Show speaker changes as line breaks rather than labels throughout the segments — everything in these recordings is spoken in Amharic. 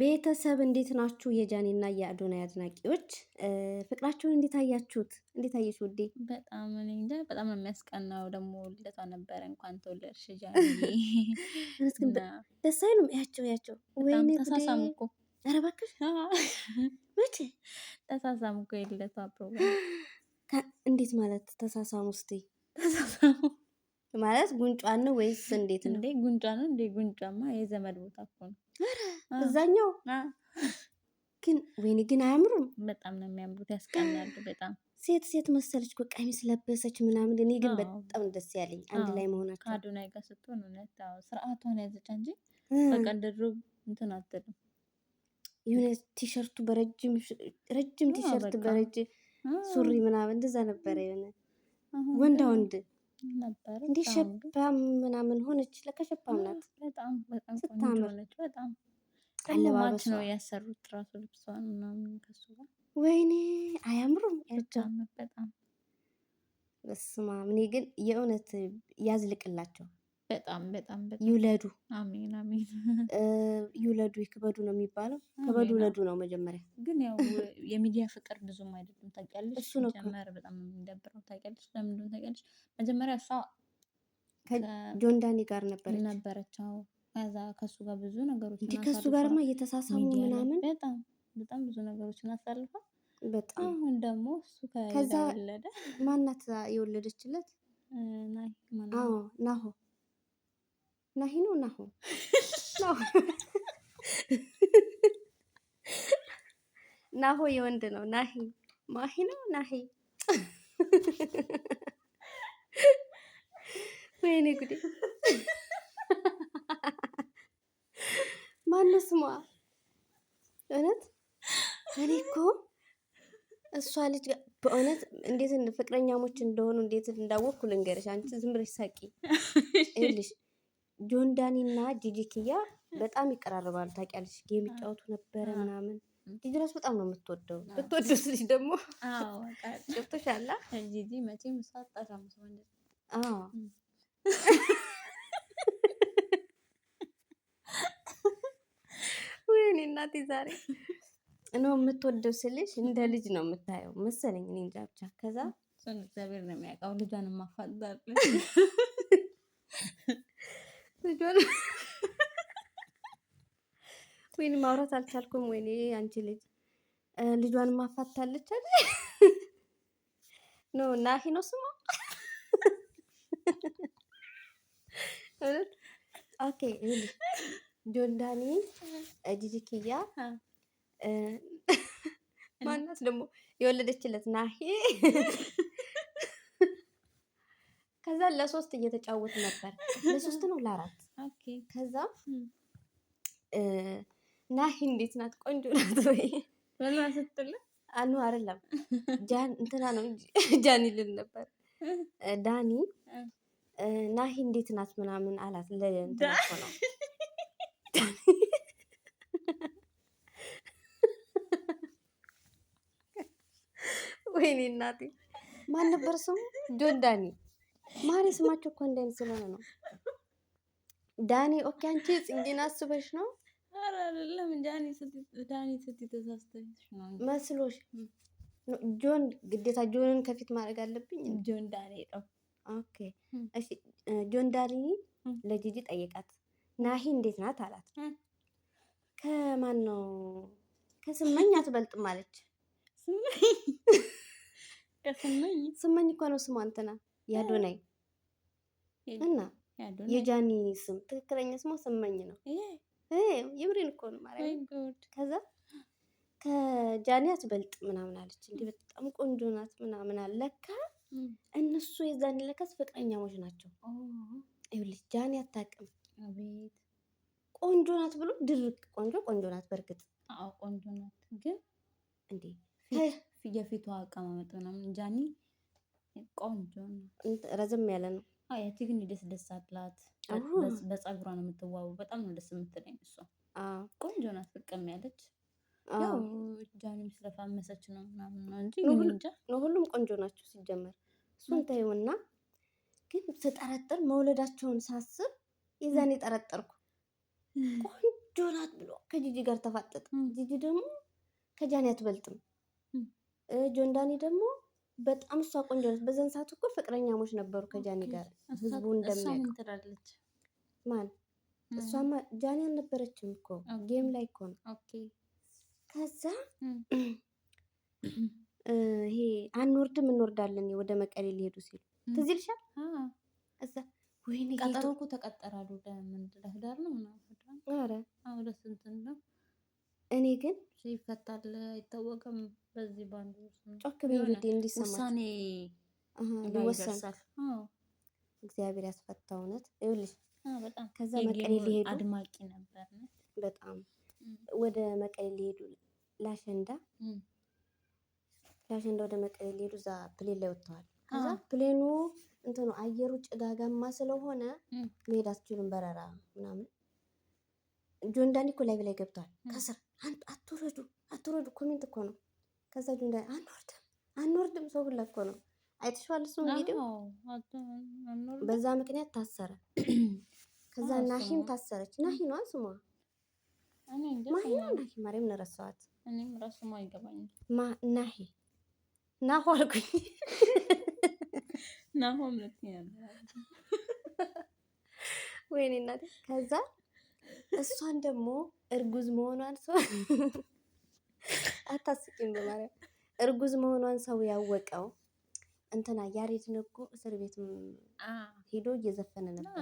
ቤተሰብ እንዴት ናችሁ? የጃኒና የአዶናይ አድናቂዎች ፍቅራችሁን እንዴት አያችሁት? እንዴት አየሽ ውዴ?
በጣም እኔ እንጃ፣ በጣም ነው የሚያስቀናው። ደግሞ ልደቷ ነበረ፣ እንኳን ተወለድሽ ጃኒ።
ደስ አይሉም? ያቸው ያቸው፣ ወይኔ ተሳሳሙ እኮ። ኧረ እባክሽ
መቼ ተሳሳሙ እኮ የልደቷ ፕሮግራም።
እንዴት ማለት ተሳሳሙ? እስኪ ተሳሳሙ ማለት ጉንጯን ነው ወይስ እንዴት ነው?
እንዴ ጉንጯ ነው እንዴ? ጉንጯማ የዘመድ ቦታ እኮ ነው። እዛኛው
ግን ወይኔ ግን አያምሩም።
በጣም ነው የሚያምሩት፣ ያስቀናሉ በጣም
ሴት ሴት መሰለች እኮ ቀሚስ ለበሰች ምናምን። እኔ ግን በጣም ደስ ያለኝ አንድ
ላይ መሆናቸው ከአዶናይ ጋር ስትሆን እውነት ስርዓቷን ያዘች እንጂ በቃ እንደድሮ እንትን አትልም።
የሆነ ቲሸርቱ በረጅም ረጅም ቲሸርት በረጅም ሱሪ ምናምን እንደዛ ነበረ የሆነ ወንዳ ወንድ ነበር እንዲህ ሸባም ምናምን ሆነች። ለካ ሸባም ናት። በጣም በጣም ቆንጆ ነች። በጣም ቀለማት ነው ያሰሩት ራሱ ልብሷን ምናምን ከሱ ጋር ወይኔ አያምሩም? በጣም በጣም በስማ ምን ግን የእውነት ያዝልቅላቸው።
በጣም በጣም ይውለዱ። አሜን አሜን።
ይውለዱ ይክበዱ ነው የሚባለው። ክበዱ ውለዱ ነው መጀመሪያ።
ግን ያው የሚዲያ ፍቅር ብዙም አይደለም ታውቂያለሽ። እሱ ነው መጀመሪያ በጣም የሚደብረው ታውቂያለሽ። ለምን እንደሆነ ታውቂያለሽ። መጀመሪያ እሷ ዳኒ ጋር ነበረች ነበረች። አዎ ከዛ ከሱ ጋር ብዙ ነገሮች እንዴ፣ ከሱ ጋርማ እየተሳሳሙ ምናምን በጣም በጣም ብዙ ነገሮች እናሳልፋ። በጣም አሁን
ደግሞ እሱ ከዛ ወለደ ማናት የወለደችለት ናሆ ናሂ ነው ናሁ
ናሆ የወንድ ነው። ናሂ ማሂ ነው ናሂ።
ወይኔ ጉዴ! ማነው ስሟ? እውነት እኔ እኮ እሷ ልጅ በእውነት እንዴት ፍቅረኛሞች እንደሆኑ እንዴት እንዳወቅኩ ልንገርሽ። አንቺ ዝም ብለሽ ሳቂ ይልሽ ጆን ዳኒ እና ጂጂ ኪያ በጣም ይቀራርባሉ። ታውቂያለሽ፣ ጌም ይጫወቱ ነበረ ምናምን። ጂጂ እራሱ በጣም ነው የምትወደው ብትወደው ስልሽ ደግሞ
ገብቶሻል። ጂጂ መቼም ወይኔ
እናቴ ዛሬ ነው የምትወደው ስልሽ እንደ ልጅ ነው የምታየው መሰለኝ። እኔ እንጃ ብቻ ከዛ
እግዚአብሔር ነው የሚያውቀው ልጇን ማፋጠር
ወይኔ ማውራት አልቻልኩም። ወይኔ አንቺ ልጅ ልጇን ማፋታለች አለ ኖ ናሂ ነው ስሟ። ኦኬ ጆንዳኒ ጂጂክያ ማናት ደግሞ የወለደችለት ናሂ ከዛ ለሶስት እየተጫወት ነበር ለሶስት ነው ለአራት ከዛ ናሂ እንዴት ናት? ቆንጆ ናት
ወይ ስትል
አኑ አይደለም እንትና ነው ጃኒ ልል ነበር ዳኒ ናሂ እንዴት ናት ምናምን አላት። ለእንትና ነው ወይኔ እናቴ ማን ነበር ስሙ? ጆን ዳኒ ማሪ ስማቸው እኮ እንደም ስለሆነ ነው። ዳኒ ኦኬ፣ አንቺ ጽጌን አስበሽ ነው
አይደለም? ዳኒ ዳኒ ስትይ ነው
መስሎሽ። ጆን ግዴታ ጆንን ከፊት ማድረግ አለብኝ።
ጆን ዳኒ ነው። ኦኬ
እሺ። ጆን ዳኒ ለጂጂ ጠይቃት፣ ናሂ እንዴት ናት አላት። ከማን ነው ከስመኝ አትበልጥም አለች። ስመኝ ስመኝ እኮ ነው ስሟ እንትና ያዶናይ እና የጃኒ ስም ትክክለኛ ስሟ ስመኝ ነው። የምሬን እኮ ነው ማርያም። ከዛ ከጃኒ አትበልጥ ምናምን አለች። እንዲህ በጣም ቆንጆ ናት ምናምን አለካ። ለካ እነሱ የዛኔ ለካስ ፍቅረኛሞች ናቸው። ይኸውልሽ ጃኒ አታውቅም። ቆንጆ ናት ብሎ ድርቅ። ቆንጆ ቆንጆ ናት፣ በእርግጥ
ቆንጆ ናት። ግን እንዴ የፊቷ አቀማመጥ ምናምን ጃኒ ቆንጆ
ነው። ረዘም ያለ ነው።
ያቺ ግን ደስ ደስ አላት። በፀጉሯ ነው የምትዋበው። በጣም ነው ደስ የምትለኝ እሷ። ቆንጆ ናት። ፍቅም ያለች ጃኒም ስለፋመሰች ነው ምናምን ነው
እንጂ ሁሉም ቆንጆ ናቸው ሲጀመር። እሱን ተይውና ግን ስጠረጥር መውለዳቸውን ሳስብ የዛኔ ጠረጠርኩ። ቆንጆ ናት ብሎ ከጂጂ ጋር ተፋጠጠ። ጂጂ ደግሞ ከጃኒ አትበልጥም። ጆንዳኒ ደግሞ በጣም እሷ ቆንጆ ነች። በዛን ሰዓት እኮ ፍቅረኛሞች ነበሩ ከጃኒ ጋር ህዝቡ እንደሚያውቅ ማን እሷማ ጃኒ አልነበረችም እኮ ጌም ላይ እኮ ነው። ከዛ ይሄ አንወርድም እንወርዳለን ወደ መቀሌ ሊሄዱ ሲሉ ትዝ ይልሻል።
እዛ ወይኔ ቀጠሮ እኮ ተቀጠራሉ። ለምን ነው ምናምን ኧረ እኔ ግን ይፈታል አይታወቅም። በዚህ ባንድ ጮክ ብዬ ልቤ እንዲሰማት ውሳኔ
ይወሰን እግዚአብሔር ያስፈታ። እውነት ይኸውልሽ፣ ከዛ መቀሌ ሊሄዱ አድማቂ ነበር በጣም ወደ መቀሌ ሊሄዱ ላሸንዳ ላሸንዳ ወደ መቀሌ ሊሄዱ እዛ ፕሌን ላይ ወጥተዋል። ከዛ ፕሌኑ እንትኑ አየሩ ጭጋጋማ ስለሆነ መሄድ አትችሉም በረራ ምናምን። ጆንዳኒ እኮ ላይ ብላይ ገብቷል ከስር አትውረዱ አትውረዱ ኮሜንት እኮ ነው። ከዛ ጁንዳ አንወርድም አንወርድም ሰው ሁላ እኮ ነው። አይተሽዋል እሱ ቪዲዮ። በዛ ምክንያት ታሰረ። ከዛ ናሂም ታሰረች። ናሂ ነው ስሟ ማሂ ነው ናሂ ማርያም ነረሰዋት ናሂ ናሁ አልኩኝ ናሁ ወይኔ እናት ከዛ እሷን ደግሞ እርጉዝ መሆኗን ሰው አታስቂም በማለት እርጉዝ መሆኗን ሰው ያወቀው እንትና ያሬድን እኮ እስር ቤት ሄዶ እየዘፈነ ነበር።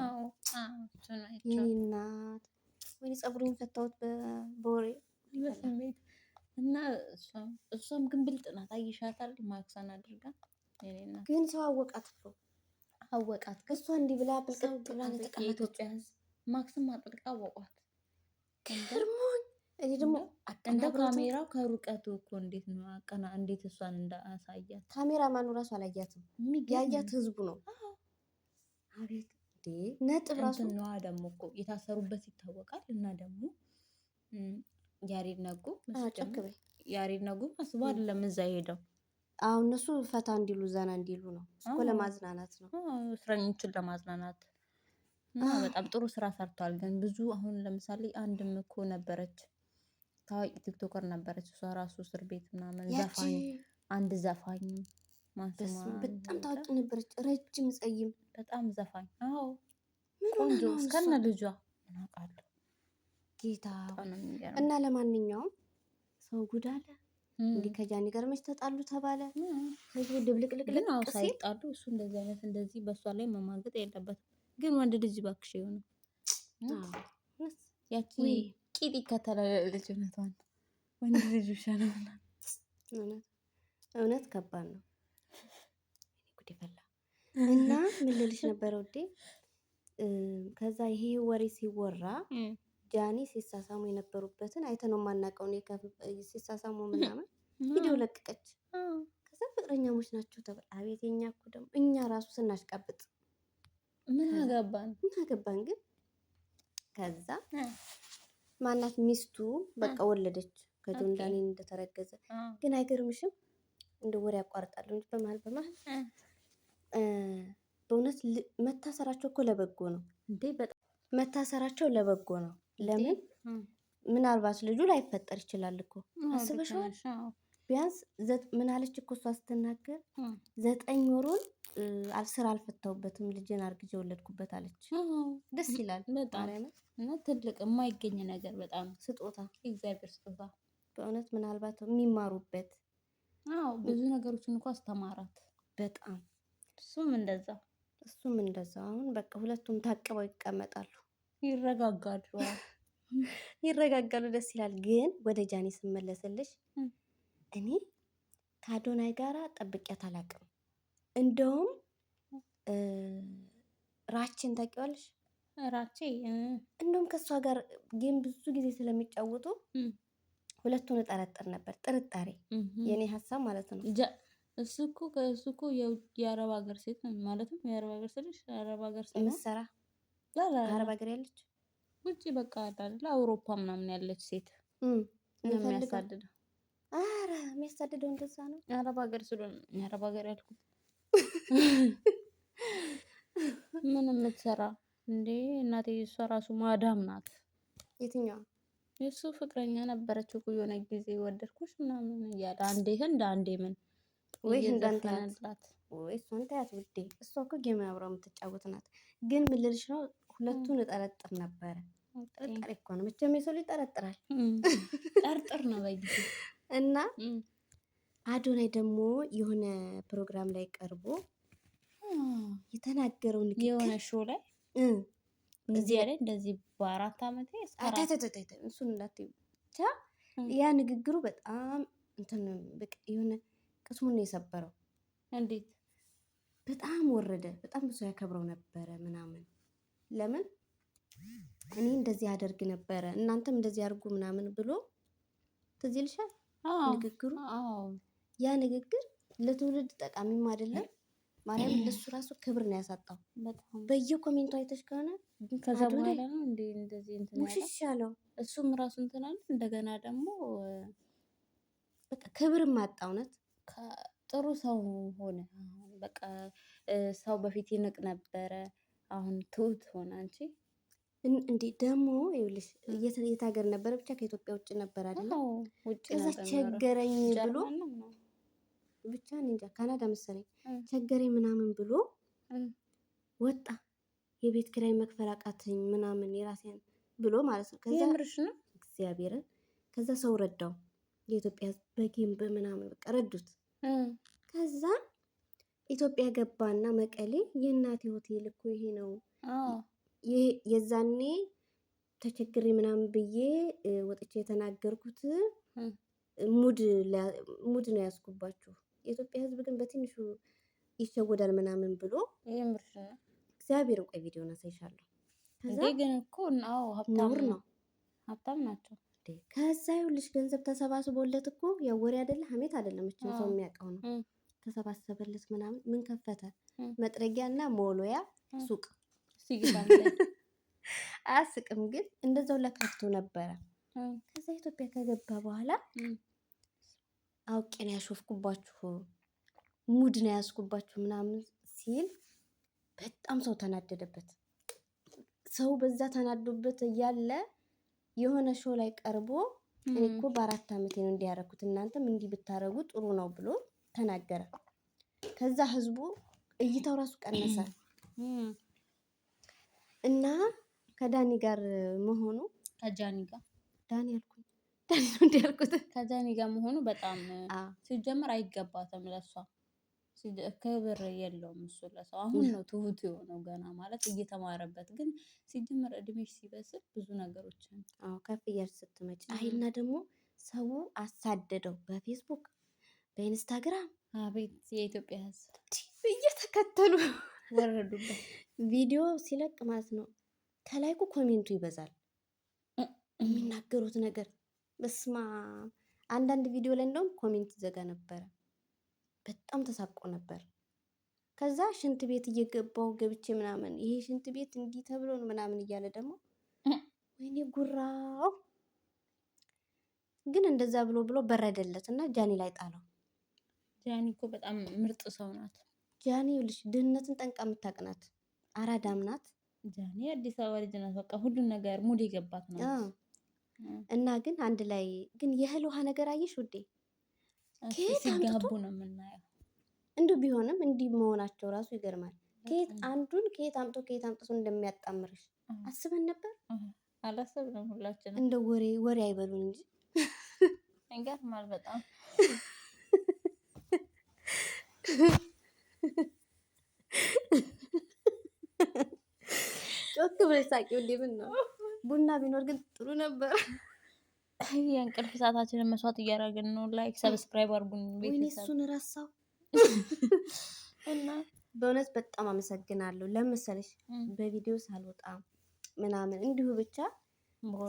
የኔ እናት ወይ ጸጉሩን ፈታሁት በወሬ
እና እሷም ግን ብልጥ ናት። አይሻታል ማክሳን አድርጋ
ግን ሰው አወቃት እኮ አወቃት። እሷ እንዲህ ብላ ብልጥ ብላ ነው
የተቀመጠችው። ማክስም አጥብቃ አወቋት።
ገርሞኝ እኔ ደግሞ
እንደ ካሜራው ከሩቀቱ እኮ እንዴት ነው አቀና እንዴት እሷን እንዳሳያት
ካሜራ ማኑ ራሱ አላያትም። ያያት ህዝቡ ነው።
አቤት ነጥብ ራሱ ነዋ። ደግሞ እኮ የታሰሩበት ይታወቃል። እና ደግሞ ያሬድ ነጉ ያሬድ ነጉ መስቦ አይደለም እዛ ሄደው
አሁ እነሱ ፈታ እንዲሉ ዘና እንዲሉ ነው እኮ ለማዝናናት
ነው እስረኞችን ለማዝናናት እና በጣም ጥሩ ስራ ሰርቷል። ግን ብዙ አሁን ለምሳሌ አንድም እኮ ነበረች ታዋቂ ቲክቶከር ነበረች። እሷ ራሱ እስር ቤት ምናምን ዘፋኝ አንድ ዘፋኝ
በጣም ታዋቂ ነበረች። ረጅም ጸይም
በጣም ዘፋኝ አዎ፣ ቆንጆ እስከነ
ልጇ እናውቃለሁ። ጌታ እና ለማንኛውም ሰው ጉዳለ አለ። እንዲህ ከጃኒ ጋር መች ተጣሉ ተባለ። ህዝቡ
ድብልቅልቅልቅ ሳይጣሉ እሱ እንደዚህ አይነት እንደዚህ በእሷ ላይ መማገጥ የለበትም። ግን ወንድ ልጅ ባክሽ የሆነ ያቺ ቂጥ ይከተላለች። እውነቷን ወንድ ልጅ ይሻላል።
እውነት ከባድ ነው። እና ምን ልልሽ ነበረ ውዴ? ከዛ ይሄ ወሬ ሲወራ ጃኒ ሲሳሳሙ የነበሩበትን አይተነው የማናውቀውን ሲሳሳሙ ምናምን ቪዲዮ ለቀቀች። ከዛ ፍቅረኛሞች ናቸው ተብላ። አቤት የኛ እኮ ደግሞ እኛ ራሱ ስናሽቀብጥ
ምን አገባን
ምን አገባን ግን ከዛ ማናት ሚስቱ በቃ ወለደች ከጆን እንደተረገዘ ግን አይገርምሽም? እንደ ወሬ ያቋርጣሉ እንጂ በመሀል በመሀል በእውነት መታሰራቸው እኮ ለበጎ ነው። መታሰራቸው ለበጎ ነው። ለምን ምናልባት ልጁ ላይፈጠር ይችላል እኮ አስበሽዋል? ቢያንስ ምን አለች እኮ እሷ ስትናገር ዘጠኝ ወሩን ስራ አልፈታሁበትም ልጅን አርግጄ ወለድኩበት አለች። ደስ ይላል በጣም
ትልቅ የማይገኝ ነገር በጣም ስጦታ፣ የእግዚአብሔር ስጦታ
በእውነት ምናልባት የሚማሩበት
አዎ፣ ብዙ ነገሮችን እንኳ አስተማራት በጣም እሱም እንደዛ
እሱም እንደዛ። አሁን በቃ ሁለቱም ታቅበው ይቀመጣሉ፣
ይረጋጋሉ
ይረጋጋሉ። ደስ ይላል። ግን ወደ ጃኒ ስመለስልሽ እኔ ከአዶናይ ጋራ ጠብቂያት አላቅም እንደውም ራቼን ታውቂዋለሽ? ራቼ እንደውም ከእሷ ጋር ጌም ብዙ ጊዜ ስለሚጫወቱ ሁለቱን እጠረጥር ነበር። ጥርጣሬ የእኔ ሀሳብ ማለት ነው።
እሱ እኮ ከእሱ እኮ የአረብ ሀገር ሴት ነው ማለት ነው። የአረብ ሀገር ሴት አረብ ሀገር ሴት ምሰራ አረብ ሀገር ያለች ውጭ በቃ አዳለ አውሮፓ ምናምን ያለች ሴት
የሚያሳድደው ኧረ የሚያሳድደው እንደዛ ነው።
የአረብ ሀገር ስለሆነ የአረብ ሀገር ያልኩት ምን የምትሰራ እንዴ? እናቴ እሷ ራሱ ማዳም ናት። የትኛዋ? የእሱ ፍቅረኛ ነበረች እኮ የሆነ ጊዜ ወደድኩሽ ምናምን እያለ አንዴ ህንድ አንዴ ምን ወይ ህንድ
ወይ እሷን ታያት ውዴ። እሷ እኮ ጌም አብረው የምትጫወት ናት። ግን ምን ልልሽ ነው ሁለቱን እጠረጥር ነበረ። ጥርጣሬ እኮ ነው መቼም የሰው ልጅ ይጠረጥራል። ጠርጥር ነው በጊዜ እና አዶናይ ደግሞ የሆነ ፕሮግራም ላይ ቀርቦ የተናገረው
ንግግር የሆነ ሾ ላይ እዚህ ላይ እንደዚህ በአራት ዓመት
እሱን እንዳትዪው ብቻ ያ ንግግሩ በጣም እንትን በቃ የሆነ ቅስሙን የሰበረው። እንዴት በጣም ወረደ። በጣም ብዙ ያከብረው ነበረ ምናምን ለምን እኔ እንደዚህ አደርግ ነበረ እናንተም እንደዚህ አድርጉ ምናምን ብሎ ትዝ ይልሻል ንግግሩ። ያ ንግግር ለትውልድ ጠቃሚም አይደለም ማርያም እሱ ራሱ ክብር ነው ያሳጣው። በየኮሜንቱ አይተሽ ከሆነ ከዛ በኋላ ነው እንዴ
እንደዚህ እንትን ሙሽሽ ያለው እሱም ራሱ እንትን አለ። እንደገና ደግሞ
በቃ ክብርም አጣ። እውነት
ጥሩ ሰው ሆነ። በቃ ሰው በፊት ይንቅ ነበረ፣ አሁን ትሁት ሆነ። አንቺ
እንዴ ደግሞ ይኸውልሽ የት ሀገር ነበረ? ብቻ ከኢትዮጵያ ውጭ ነበር አይደል? ውጭ ቸገረኝ ብሎ ብቻ እንጃ ካናዳ መሰለኝ ቸገሬ ምናምን ብሎ ወጣ። የቤት ኪራይ መክፈል አቃተኝ ምናምን የራሴን ብሎ ማለት ነው። ከዛ እግዚአብሔርን ከዛ ሰው ረዳው የኢትዮጵያ በጌም በምናምን በቃ ረዱት። ከዛ ኢትዮጵያ ገባና መቀሌ የእናቴ ሆቴል እኮ ይሄ ነው። የዛኔ ተቸግሬ ምናምን ብዬ ወጥቼ የተናገርኩት ሙድ ነው ያዝኩባችሁ። የኢትዮጵያ ህዝብ ግን በትንሹ ይሸወዳል ምናምን ብሎ እግዚአብሔር እውቀ ቪዲዮን አሳይሻለሁ።
ከዛ ግን እኮ ነውር ነው ሀብታም ናቸው።
ከዛ ይኸውልሽ ገንዘብ ተሰባስቦለት እኮ ያው ወሬ አይደለ ሀሜት አይደለም፣ እችን ሰው የሚያውቀው ነው። ተሰባሰበለት ምናምን ምን ከፈተ መጥረጊያ እና ሞሎያ ሱቅ አያስቅም፣ ግን እንደዛው ለካፍቶ ነበረ። ከዛ ኢትዮጵያ ከገባ በኋላ አውቄ ነው ያሾፍኩባችሁ፣ ሙድ ነው ያስኩባችሁ ምናምን ሲል በጣም ሰው ተናደደበት። ሰው በዛ ተናዶበት እያለ የሆነ ሾው ላይ ቀርቦ እኔ እኮ በአራት ዓመቴ ነው እንዲያረኩት እናንተም እንዲህ ብታረጉ ጥሩ ነው ብሎ ተናገረ። ከዛ ህዝቡ እይታው ራሱ ቀነሰ እና ከዳኒ ጋር መሆኑ
ከጃኒ ጋር
ዳኒ ዳኒ ነው
እንዲ ያልኩት። ከዳኒ ጋር መሆኑ በጣም ሲጀመር አይገባትም። ለሷ ክብር የለውም እሱ ለሰው። አሁን ነው ትሁት የሆነው ገና ማለት እየተማረበት። ግን ሲጀመር እድሜሽ ሲበስል ብዙ ነገሮችን
ከፍ እያልሽ ስትመጪ አይና ደግሞ ሰው አሳደደው በፌስቡክ በኢንስታግራም
አቤት የኢትዮጵያ ሕዝብ እየተከተሉ
ወረዱበት። ቪዲዮ ሲለቅ ማለት ነው ከላይኩ ኮሜንቱ ይበዛል የሚናገሩት ነገር በስማ አንዳንድ ቪዲዮ ላይ እንደውም ኮሜንት ዘጋ ነበረ። በጣም ተሳቆ ነበር። ከዛ ሽንት ቤት እየገባው ገብቼ ምናምን ይሄ ሽንት ቤት እንዲህ ተብሎ ምናምን እያለ ደግሞ ወይኔ ጉራው ግን እንደዛ ብሎ ብሎ በረደለት እና ጃኒ ላይ ጣለው።
ጃኒ እኮ በጣም ምርጥ ሰው ናት።
ጃኒ ልጅ ድህነትን ጠንቃ የምታውቅ ናት። አራዳም ናት።
ጃኒ አዲስ አበባ ልጅ ናት። በቃ ሁሉን ነገር ሙድ የገባት ነው።
እና ግን አንድ ላይ ግን የእህል ውሃ ነገር አየሽ ውዴ ሲጋቡ ነው የምናየው። እንዲሁ ቢሆንም እንዲህ መሆናቸው ራሱ ይገርማል። ከየት አንዱን ከየት አምጦ ከየት አምጥቶ እንደሚያጣምርሽ አስበን ነበር አላሰብንም። ሁላችንም እንደ ወሬ ወሬ አይበሉን እንጂ
ይገርማል በጣም
ጮክ ብለሽ ሳቂ። ምን ነው ቡና ቢኖር ግን ጥሩ ነበር።
የእንቅልፍ ሰዓታችንን መስዋዕት እያደረግን ነው። ላይክ ሰብስክራይብ አድርጉን። ወይኔ እሱን ረሳው
እና በእውነት በጣም አመሰግናለሁ። ለምሳሌ በቪዲዮ ሳልወጣ ምናምን እንዲሁ ብቻ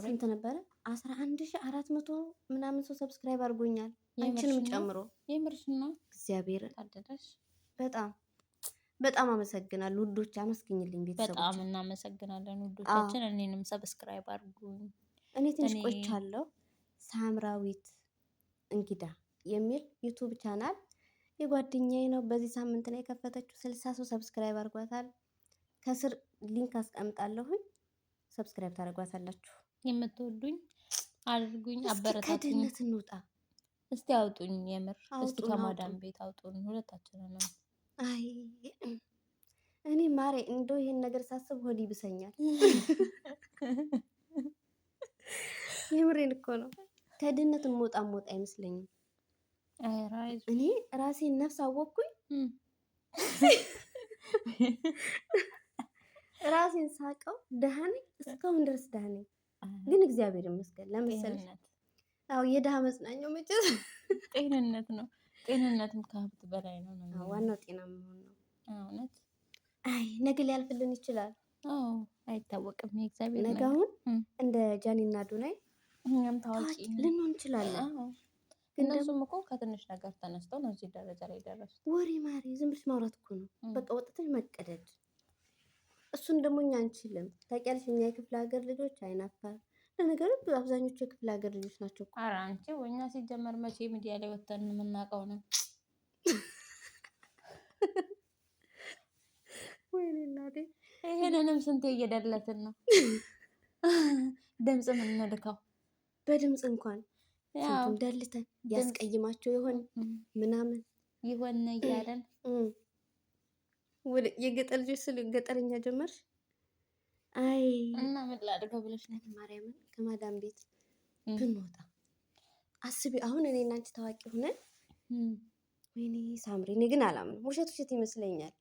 ስንት ነበረ? አስራ አንድ ሺ አራት መቶ ምናምን ሰው ሰብስክራይብ አድርጎኛል። አንቺንም
ጨምሮ የምርሽ ነው።
እግዚአብሔር በጣም በጣም አመሰግናለሁ ውዶች፣ አመስግኝልኝ
ቤተሰቦች። በጣም እናመሰግናለን ውዶቻችን። እኔንም ሰብስክራይብ አድርጉኝ።
እኔ ትንሽ ቆይቻለሁ። ሳምራዊት እንግዳ የሚል ዩቱብ ቻናል የጓደኛዬ ነው። በዚህ ሳምንት ላይ የከፈተችው። ስልሳ ሰው ሰብስክራይብ አድርጓታል። ከስር ሊንክ አስቀምጣለሁኝ። ሰብስክራይብ ታደርጓታላችሁ።
የምትወዱኝ አድርጉኝ፣ አበረታቱኝ። ከድህነት እንውጣ። እስቲ አውጡኝ፣ የምር እስቲ ከማዳን ቤት አውጡኝ። ሁለታችን
ነው አይ እኔ ማሬ እንደው ይሄን ነገር ሳስብ ሆድ ይብሰኛል። የምሬን እኮ ነው። ከድህነት ሞጣ ሞጣ አይመስለኝም። እኔ ራሴን ነፍስ አወቅኩኝ፣ ራሴን ሳቀው። ደሃ ነኝ፣ እስካሁን ድረስ ደሃ ነኝ። ግን እግዚአብሔር ይመስገን ለምሳሌ አዎ የደሃ መጽናኛው መቼ
ጤንነት ነው። ጤንነትም ከሀብት በላይ ነው።
ዋናው ጤና መሆን ነው። እውነት አይ ነገ ሊያልፍልን ይችላል።
አይታወቅም። የእግዚአብሔር ነገ
አሁን እንደ ጃኒና ዱናይ እኛም ታዋቂ
ልንሆን እንችላለን። እነሱም እኮ ከትንሽ ነገር ተነስተው ነው እዚህ ደረጃ ላይ ደረሱ
ወሬ ማሪ ዝም ብለሽ ማውራት እኮ ነው በቃ ወጥተሽ መቀደድ። እሱን ደግሞ እኛ አንችልም። ታውቂያለሽ፣ እኛ የክፍለ ሀገር ልጆች አይናፋር ነገር አብዛኞቹ የክፍለ ሀገር ልጆች ናቸው።
ኧረ አንቺ እኛ ሲጀመር መቼ ሚዲያ ላይ ወተን የምናውቀው ነው።
ወይኔ እናቴ
ይሄንንም ስንቴ እየደለትን ነው። ድምፅ የምንልከው
በድምፅ እንኳን ደልተን ያስቀይማቸው ይሆን ምናምን
ይሆን እያለን
የገጠር ልጆች ስል ገጠርኛ ጀመርሽ አይ እና ምን ላድርገው ብለሽ ነው ማርያምን ከማዳም ቤት ብንወጣ አስቢ። አሁን እኔ እናንቺ ታዋቂ ሆነን ወይኔ ሳምሪ፣ እኔ ግን አላምንም። ውሸት ውሸት ይመስለኛል።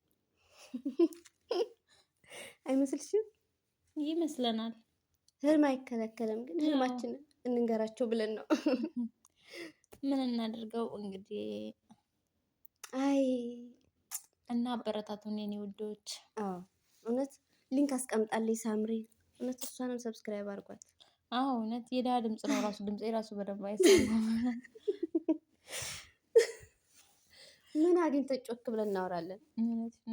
አይመስልሽም?
ይመስለናል።
ህልም አይከለከልም፣ ግን እንንገራቸው ብለን ነው።
ምን እንግዲህ። አይ እና አበረታቱን የኔ ውዶች፣
እውነት ሊንክ አስቀምጣልኝ ሳምሪ። እውነት እሷንም ሰብስክራይብ አድርጓት።
አዎ እውነት የዳ ድምፅ ነው ራሱ ድምፅ ራሱ በደንብ አይሰማም።
ምን አግኝተህ ጮክ ብለን እናወራለን?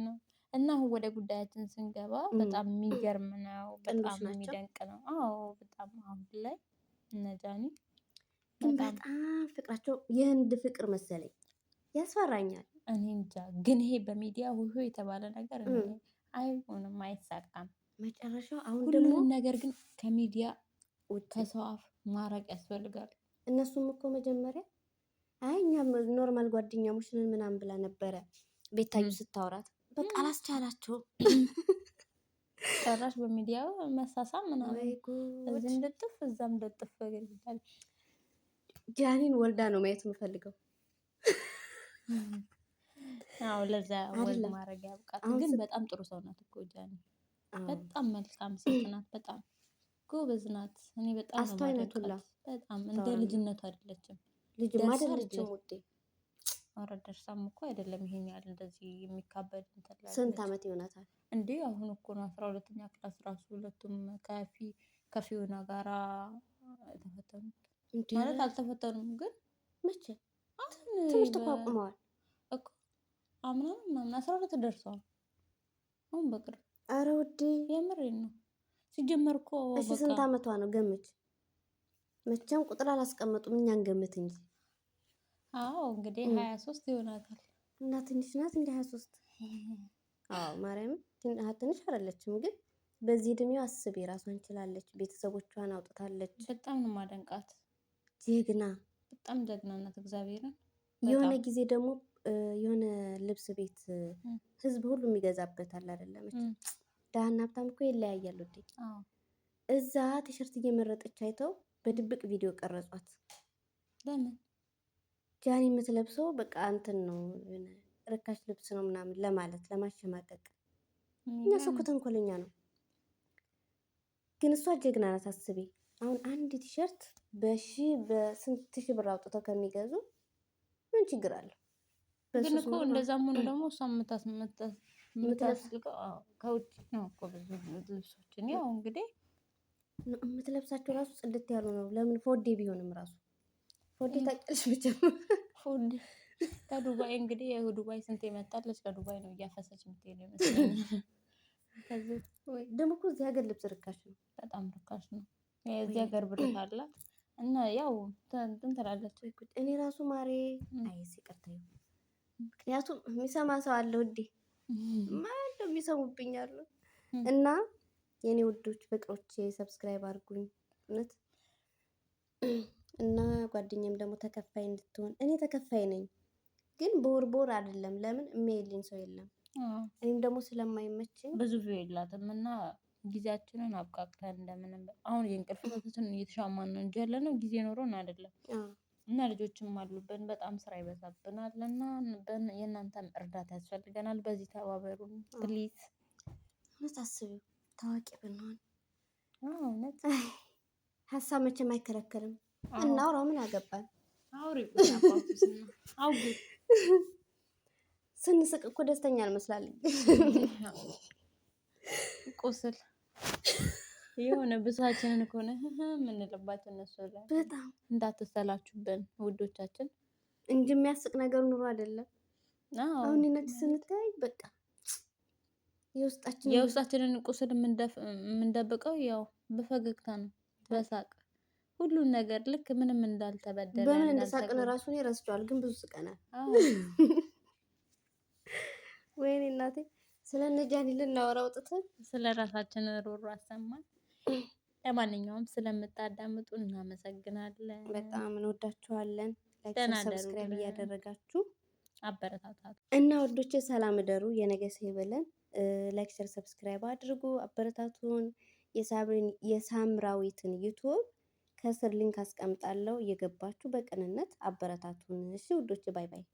ነው። እና አሁን ወደ ጉዳያችን ስንገባ በጣም የሚገርም ነው፣ በጣም የሚደንቅ ነው። አዎ በጣም አሁን ላይ እነ
በጣም ፍቅራቸው የህንድ ፍቅር መሰለኝ ያስፈራኛል።
እኔ እንጃ ግን ይሄ በሚዲያ ሁሉ የተባለ ነገር አይሆንም፣ አይሳካም። መጨረሻ አሁን ደግሞ ነገር ግን ከሚዲያ ከሰው አፍ ማራቅ ያስፈልጋል።
እነሱም እኮ መጀመሪያ አይ እኛ ኖርማል ጓደኛሞች ነን ምናምን ብላ ነበረ ቤታዩ ስታወራት፣ በቃ አላስቻላቸውም።
ጨራሽ በሚዲያ መሳሳም ምናምን እዚህም ልጥፍ እዛም
ልጥፍ ጃኒን ወልዳ ነው ማየት የምፈልገው።
አዎ ለዛ ወይ ማድረግ ያብቃት። ግን በጣም ጥሩ ሰው ናት እኮ ጃኒ፣ በጣም መልካም ሴት ናት። በጣም ጎበዝ ናት። እኔ በጣም አስተዋይነቱላ በጣም እንደ ልጅነቱ አይደለችም። ልጅ ማደረችም ውጤ ደርሳም እኮ አይደለም ይሄን ያህል እንደዚህ የሚካበድ
ስንት አመት ይሆናታል
እንዴ? አሁን እኮ ነው አስራ ሁለተኛ ክላስ ራሱ ሁለቱም ከፊ ከፊውና ጋራ ተፈተኑ ማለት አልተፈተኑም፣ ግን መቼ ትንሽ ተቋቁመዋል። አምናም ምናምን አስራ ሁለት ደርሰዋል። አሁን በቅርብ አረ ውዴ የምሬን ነው። ሲጀመር እኮ
እሺ፣ ስንት አመቷ ነው ገምች። መቼም ቁጥር አላስቀመጡም፣ እኛን ገምት እንጂ።
አዎ እንግዲህ ሀያ ሶስት ይሆናታል
እና ትንሽ ናት እንደ ሀያ ሶስት አዎ ማርያም ትንሽ አይደለችም ግን በዚህ እድሜው አስብ፣ ራሷን ችላለች። ቤተሰቦቿን አውጥታለች።
በጣም ነው ማደንቃት። ጀግና፣ በጣም ጀግና ናት። እግዚአብሔርን
የሆነ ጊዜ ደግሞ የሆነ ልብስ ቤት ህዝብ ሁሉ የሚገዛበት አለ አይደለም። ደሃና ሀብታም እኮ ይለያያሉ። እዛ ቲሸርት እየመረጠች አይተው በድብቅ ቪዲዮ ቀረጿት። ለምን ጃኒ የምትለብሰው በቃ እንትን ነው ርካሽ ልብስ ነው ምናምን ለማለት ለማሸማቀቅ። እነሱ እኮ ተንኮለኛ ነው። ግን እሷ ጀግና ናት። አስቤ አሁን አንድ ቲሸርት በሺ በስንት ሺ ብር አውጥተው ከሚገዙ ምን ችግር አለው?
ግን እኮ እንደዛም ሆኖ ደግሞ እሷ የምታስልቀው ከውጭ ነው እኮ ብዙ ልብሶችን
ያው እንግዲህ የምትለብሳቸው ራሱ ጽድት ያሉ ነው። ለምን ፎዴ ቢሆንም ራሱ ፎዴ ታቀልሽ ብቻ
ፎዴ ከዱባይ እንግዲህ ዱባይ ስንት የመጣለች ከዱባይ ነው እያፈሰች የምትሄድ ይመስለኛል።
ደግሞ እኮ እዚህ ሀገር ልብስ ርካሽ ነው፣
በጣም ርካሽ ነው። የዚህ ሀገር ብር አላት እና ያው እንትን ትላለች።
እኔ ራሱ ማሬ አይ ሲቀጥል ምክንያቱም የሚሰማ ሰው አለ ውዴ፣ ማለ የሚሰሙብኝ አሉ። እና የኔ ውዶች ፍቅሮች ሰብስክራይብ አድርጉኝ እውነት። እና ጓደኛም ደግሞ ተከፋይ እንድትሆን እኔ ተከፋይ ነኝ፣ ግን በወር በወር አይደለም። ለምን የሚያይልኝ ሰው የለም። እኔም ደግሞ ስለማይመችኝ
ብዙ ቪው የላትም እና ጊዜያችንን አብቃቅተን እንደምንም አሁን የእንቅልፍ እየተሻማን ነው እንጂ ያለ ነው ጊዜ ኖሮን አይደለም። እና ልጆችም አሉብን። በጣም ስራ ይበዛብናል እና የእናንተም እርዳታ ያስፈልገናል። በዚህ ተባበሩ ፕሊዝ።
እውነት ታዋቂ ብንሆን። እውነት ሀሳብ መቼም አይከለከልም። እናውራው ምን ያገባል? ስንስቅ እኮ ደስተኛ አልመስላለኝ
ቁስል የሆነ ብሳችንን ከሆነ የምንልባቸው እነሱ በጣም እንዳትሰላችሁብን ውዶቻችን፣
እንጂ የሚያስቅ ነገር ኑሮ አይደለም። አሁን ነች ስንታይ በቃ
የውስጣችንን ቁስል የምንደብቀው ያው በፈገግታ ነው፣ በሳቅ ሁሉን ነገር ልክ ምንም እንዳልተበደለ በምን እንደሳቅን ራሱ ረስቸዋል፣ ግን ብዙ ስቀናል።
ወይኔ እናቴ ስለ ነጃኒ ልናወራ ውጥተን
ስለ ራሳችን ሮሮ አሰማን። ለማንኛውም ስለምታዳምጡ እናመሰግናለን።
በጣም እንወዳችኋለን። ሰብስክራይብ
እያደረጋችሁ አበረታታት
እና ወዶች ሰላም እደሩ። የነገ ሰው ይበለን። ሌክቸር ሰብስክራይብ አድርጉ፣ አበረታቱን። የሳምራዊትን ዩቱብ ከስር ሊንክ አስቀምጣለሁ። እየገባችሁ በቅንነት አበረታቱን። እሺ ውዶች፣ ባይ ባይ።